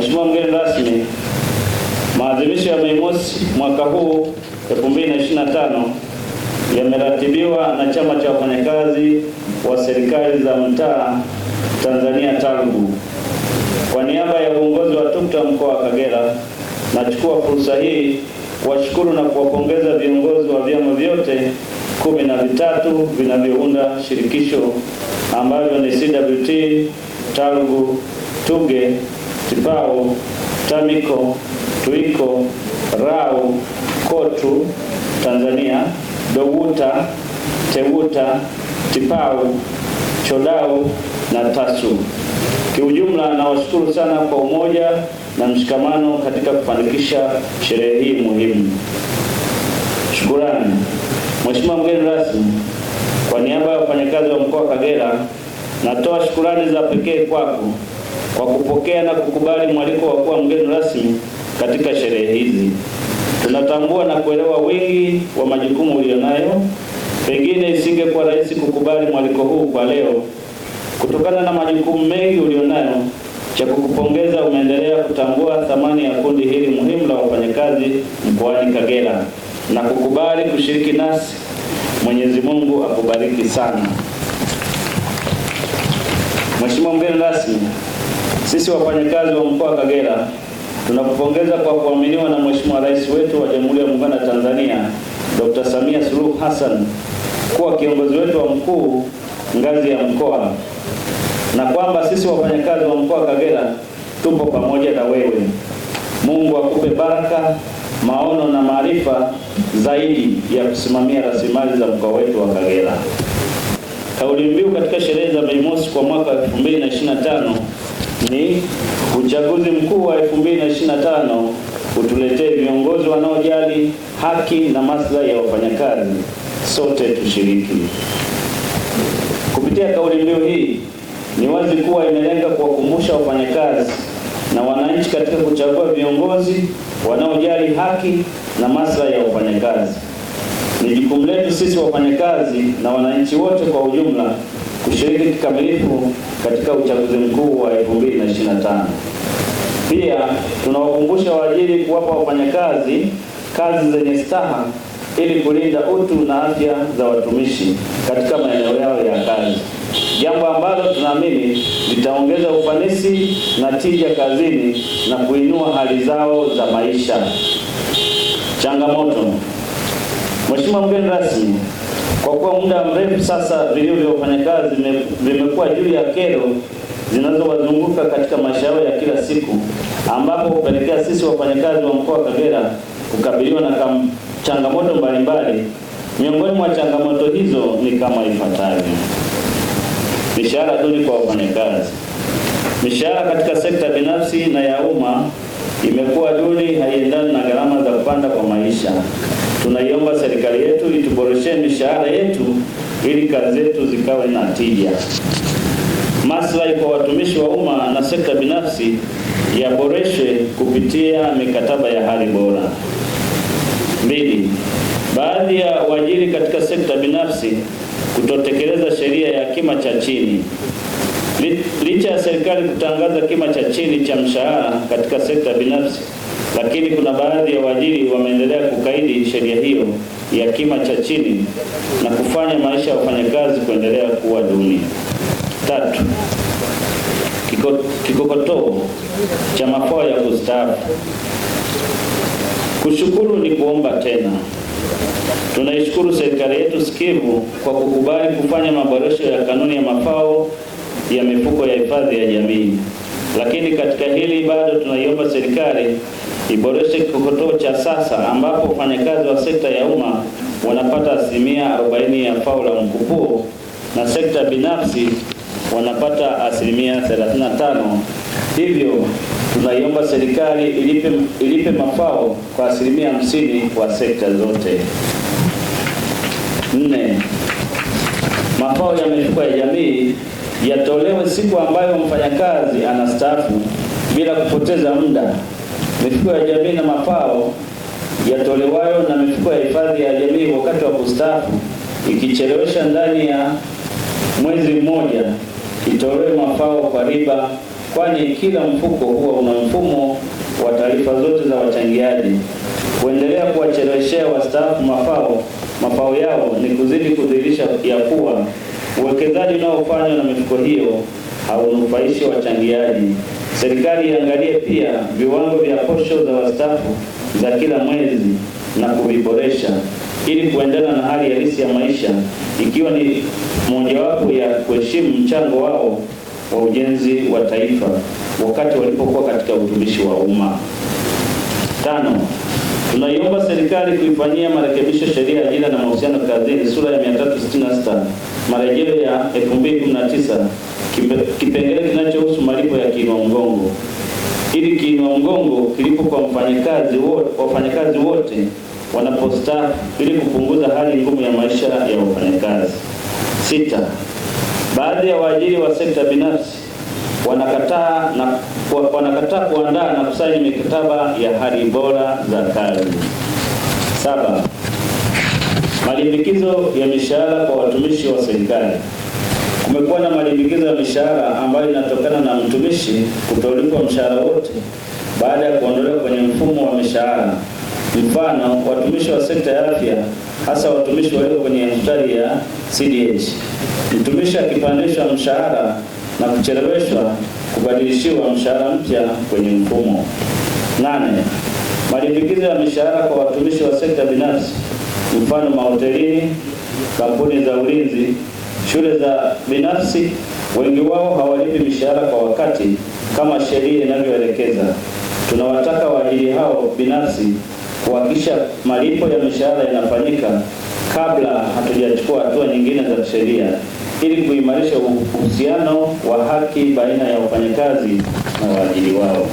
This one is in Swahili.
Mheshimiwa mgeni rasmi, maadhimisho ya Mei Mosi mwaka huu 2025 yameratibiwa na Chama cha Wafanyakazi wa Serikali za Mtaa Tanzania TANGWU. Kwa niaba ya uongozi wa TUCTA mkoa wa Kagera, nachukua fursa hii kuwashukuru na kuwapongeza viongozi wa vyama vyote kumi na vitatu vinavyounda shirikisho ambavyo ni CWT, TANGWU, TUGHE Tibao, Tamiko, Tuiko, Rau, Kotu, Tanzania, Dowuta, Tewuta, Tipau, Chodau na Tasu. Kiujumla, nawashukuru sana kwa umoja na mshikamano katika kufanikisha sherehe hii muhimu. Shukurani. Mheshimiwa mgeni rasmi, kwa niaba ya wafanyakazi wa mkoa wa Kagera, natoa shukurani za pekee kwako kwa kupokea na kukubali mwaliko wa kuwa mgeni rasmi katika sherehe hizi. Tunatambua na kuelewa wingi wa majukumu ulionayo, pengine isingekuwa rahisi kukubali mwaliko huu kwa leo kutokana na majukumu mengi ulionayo. Cha kukupongeza, umeendelea kutambua thamani ya kundi hili muhimu la wafanyakazi mkoani Kagera na kukubali kushiriki nasi. Mwenyezi Mungu akubariki sana, Mheshimiwa mgeni rasmi. Sisi wafanyakazi wa mkoa wa Kagera tunakupongeza kwa kuaminiwa na Mheshimiwa Rais wetu wa Jamhuri ya Muungano wa Tanzania Dr. Samia Suluhu Hassan kuwa kiongozi wetu wa mkuu ngazi ya mkoa na kwamba sisi wafanyakazi wa mkoa wa Kagera tupo pamoja na wewe. Mungu akupe baraka, maono na maarifa zaidi ya kusimamia rasilimali za mkoa wetu wa Kagera. Kauli mbiu katika sherehe za Mei Mosi kwa mwaka 2025 ni uchaguzi mkuu wa 2025 utuletee viongozi wanaojali haki na maslahi ya wafanyakazi, sote tushiriki. Kupitia kauli mbiu hii, ni wazi kuwa imelenga kuwakumbusha wafanyakazi na wananchi katika kuchagua viongozi wanaojali haki na maslahi ya wafanyakazi. Ni jukumu letu sisi wafanyakazi na wananchi wote kwa ujumla kushiriki kikamilifu katika uchaguzi mkuu wa 2025. Pia tunawakumbusha waajiri kuwapa wafanyakazi kazi zenye staha ili kulinda utu na afya za watumishi katika maeneo yao ya kazi, jambo ambalo tunaamini litaongeza ufanisi na tija kazini na kuinua hali zao za maisha. Changamoto. Mheshimiwa mgeni rasmi kwa kuwa muda mrefu sasa vilio vya wafanyakazi vimekuwa juu ya kero zinazowazunguka katika maisha yao ya kila siku, ambapo hupelekea sisi wafanyakazi wa mkoa wa Kagera kukabiliwa na changamoto mbalimbali. Miongoni mwa changamoto hizo ni kama ifuatavyo: mishahara duni kwa wafanyakazi. Mishahara katika sekta binafsi na ya umma imekuwa duni, haiendani na gharama za kupanda kwa maisha. Tunaiomba tuboreshee mishahara yetu ili kazi zetu zikawe na tija. Maslahi kwa watumishi wa umma na sekta binafsi yaboreshwe kupitia mikataba ya hali bora. Mbili, baadhi ya waajiri katika sekta binafsi kutotekeleza sheria ya kima cha chini. Licha ya serikali kutangaza kima cha chini cha mshahara katika sekta binafsi, lakini kuna baadhi ya waajiri wameendelea kukaidi sheria hiyo ya kima cha chini na kufanya maisha ya wafanyakazi kuendelea kuwa duni. Tatu, kikokotoo cha mafao ya kustaafu. Kushukuru ni kuomba tena. Tunaishukuru serikali yetu sikivu kwa kukubali kufanya maboresho ya kanuni ya mafao ya mifuko ya hifadhi ya jamii, lakini katika hili bado tunaiomba serikali iboreshe kikokotoo cha sasa ambapo wafanyakazi wa sekta ya umma wanapata asilimia 40 ya fao la mkupuo na sekta binafsi wanapata asilimia 35. Hivyo tunaiomba serikali ilipe, ilipe mafao kwa asilimia 50 kwa sekta zote. Nne, mafao ya mifuko ya jamii yatolewe siku ambayo mfanyakazi anastaafu bila kupoteza muda mifuko ya jamii na mafao yatolewayo na mifuko ya hifadhi ya jamii wakati wa kustaafu ikichelewesha ndani ya mwezi mmoja itolewe mafao kwa riba, kwani kila mfuko huwa una mfumo wa taarifa zote za wachangiaji. Kuendelea kuwacheleweshea wastaafu mafao mafao yao ni kuzidi kudhihirisha ya kuwa uwekezaji unaofanywa na mifuko hiyo haunufaishi wachangiaji. Serikali iangalie pia viwango vya posho za wastaafu za kila mwezi na kuviboresha ili kuendana na hali halisi ya maisha, ikiwa ni mojawapo ya kuheshimu mchango wao wa ujenzi wa taifa wakati walipokuwa katika utumishi wa umma. Tano, tunaiomba serikali kuifanyia marekebisho sheria ya ajira na mahusiano kazini sura ya 366 marejeo ya 2019 kipengele kinacho kiinua mgongo. Ili kiinua mgongo kilipo kwa mfanyakazi wote, wafanyakazi wote wanapostaafu ili kupunguza hali ngumu ya maisha ya wafanyakazi. Sita, baadhi ya waajiri wa sekta binafsi wanakataa na wanakataa kuandaa na kusaini mikataba ya hali bora za kazi. Saba, malimbikizo ya mishahara kwa watumishi wa serikali. Kumekuwa na malimbikizo ya mishahara ambayo inatokana na mtumishi kutolipwa mshahara wote baada ya kuondolewa kwenye mfumo wa mishahara. Mfano, watumishi wa sekta ya afya, hasa watumishi walio kwenye hospitali ya CDH. Mtumishi akipandishwa mshahara na kucheleweshwa kubadilishiwa mshahara mpya kwenye mfumo. Nane, malimbikizo ya mishahara kwa watumishi wa sekta binafsi, mfano mahotelini, kampuni za ulinzi Shule za binafsi wengi wao hawalipi mishahara kwa wakati kama sheria inavyoelekeza. Tunawataka waajiri hao binafsi kuhakikisha malipo ya mishahara yanafanyika kabla hatujachukua hatua nyingine za sheria ili kuimarisha uhusiano wa haki baina ya wafanyakazi na waajiri wao.